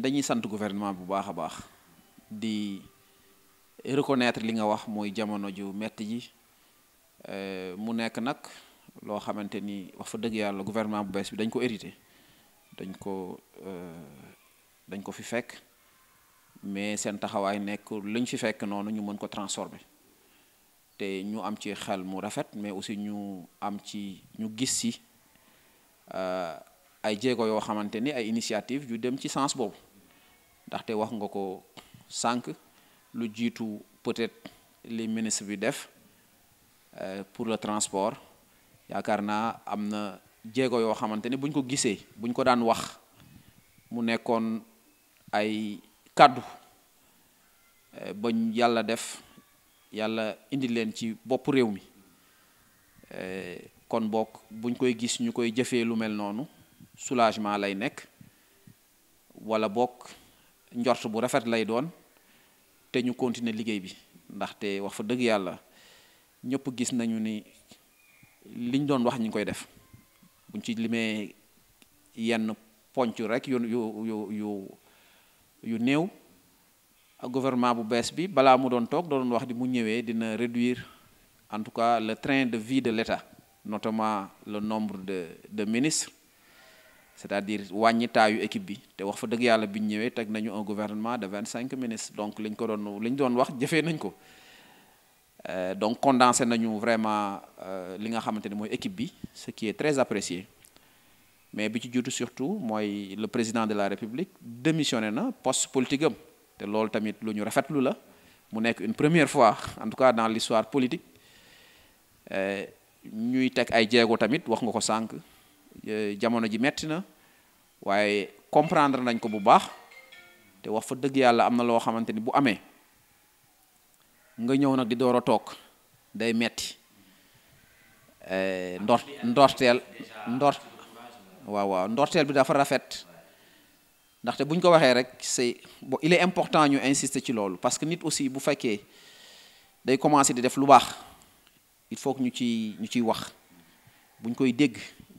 dañuy sant gouvernement bu baax a baax di reconnaître li nga wax mooy jamono ju metti ji euh, mu nekk nag loo xamante ni wax fa dëgg yàlla gouvernement bu bees bi dañ ko hérité dañ ko euh, dañ ko fi fekk mais seen taxawaay nekk luñ fi fekk noonu ñu mën ko transformer te ñu am ci xel mu rafet mais aussi ñu am ci ñu gis si euh, ay jéego yoo xamante ni ay initiative yu dem ci sens boobu ndaxte wax nga ko sànq lu jiitu peut-être li ministre bi def euh, pour le transport yaakaar naa am na jéego yoo xamante ne buñ ko gisee buñ ko daan wax mu nekkoon ay kàddu euh, bañ yàlla def yàlla indi leen ci bopp réew mi euh, kon bokk buñ koy gis ñu koy jëfee lu mel noonu soulagement lay nekk wala bokk njort bu rafet lay doon te ñu continuer liggéey bi wax fa gis nañu ni liñ doon wax koy def buñ ci limee yenn ponc rek yu yu yu gouvernement bu bi di mu réduire en tout cas le train de vie de l'État notamment le nombre de ministres c'est-à-dire wañi taayu équipe bi te wax fa dëgg yàlla bi ñëwee teg nañu un gouvernement de 25 cinq ministres donc liñ ko doon liñ doon wax jëfee nañ ko euh, donc condensé nañu vraiment euh, li nga xamante ne mooy équipe bi ce qui est très apprécié mais bi ci jiitu surtout mooy le président de la république démissionné na poste politique am te loolu tamit lu ñu rafetlu la mu nekk une première fois en tout cas dans l'histoire politique euh, ñuy teg ay jéego tamit wax nga ko sànq. Euh, jamono ji metti na waaye comprendre nañ ko bu baax te wax fa dëgg yàlla am na loo xamante ni bu amee nga ñëw nag di door a toog day metti euh, ndor ndorteel ndor waaw waaw ndorteel bi dafa rafet ndaxte buñ ko waxee rek c'est bon il est important ñu insister ci loolu parce que nit aussi bu fekkee day commencer di def lu baax il faut que ñu ci ñu ciy wax buñ koy dégg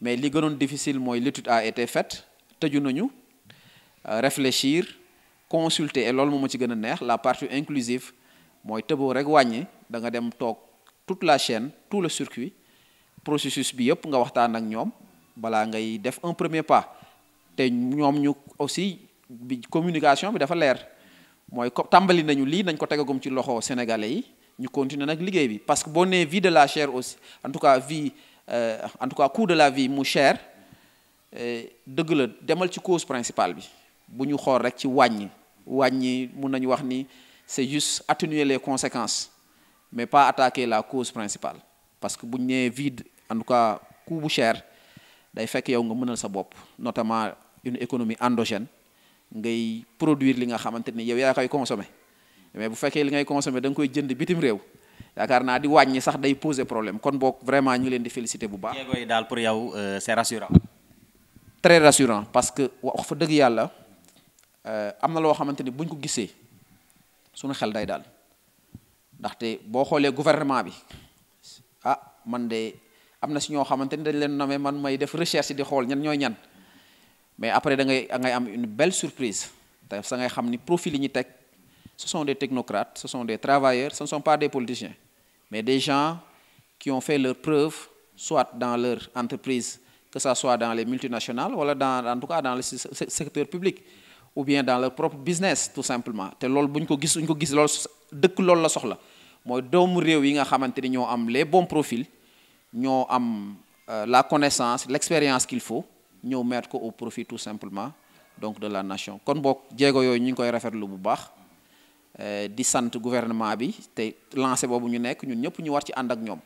mais li gënoon difficile moy l'étude a été faite tëju nañu euh, réfléchir consulter et loolu moom ci gëna neex la partie inclusive moy tebo rek wàññi da nga dem tok toute la chaîne tout le circuit processus bi yëpp nga waxtaan ak ñoom bala ngay def un premier pas te ñoom ñu aussi bi communication bi dafa leer moy ko tàmbali nañu li nañ ko tegagum ci loxo sénégalais yi ñu continuer nak liggéey bi parce que bonne vie de la chair aussi en tout cas vie euh, en tout cas coût de la vie mu cher euh, dëgg la demal ci cause principale bi buñu xor rek ci wàññi wàññi mun nañ wax ni c'est juste atténuer les conséquences mais pas attaquer la cause principale parce que buñ né vide en tout cas coût bu cher day fekk yow nga mënal sa bop notamment une économie endogène ngay produire li nga xamanteni yow yaa koy consommer mais bu fekkee li ngay consommer dang koy jënd bitim rew yaakaar di wàññi sax day poser problème kon boog vraiment ñu leen di féliciter bu baax. jéego yi daal pour yow euh, c'est rassurant. très rassurant parce que wax fa dëgg yàlla euh, am na loo xamante ni buñ ko gisee suñu xel day daal ndaxte boo xoolee gouvernement bi ah man de amna na si ñoo dañ leen nommer man may def recherche di xool ñan ñooy ñan mais après da ngay ngay am une belle surprise te sa ngay xam ni profil yi ñu teg ce sont des technocrates ce sont des travailleurs ce ne sont pas des politiciens. mais des gens qui ont fait leur preuve, soit dans leur entreprise, que ce soit dans les multinationales, ou dans, en tout cas dans le secteur public, ou bien dans leur propre business, tout simplement. C'est ce que nous ko gis Nous avons ko les bons profils nous avons euh, la connaissance l'expérience qu'il faut nous mettre au profit tout simplement donc de la nation kon koy Eh, di sant gouvernement bi tey lancé boobu ñu nekk ñun ñëpp ñu war ci ànd ak ñoom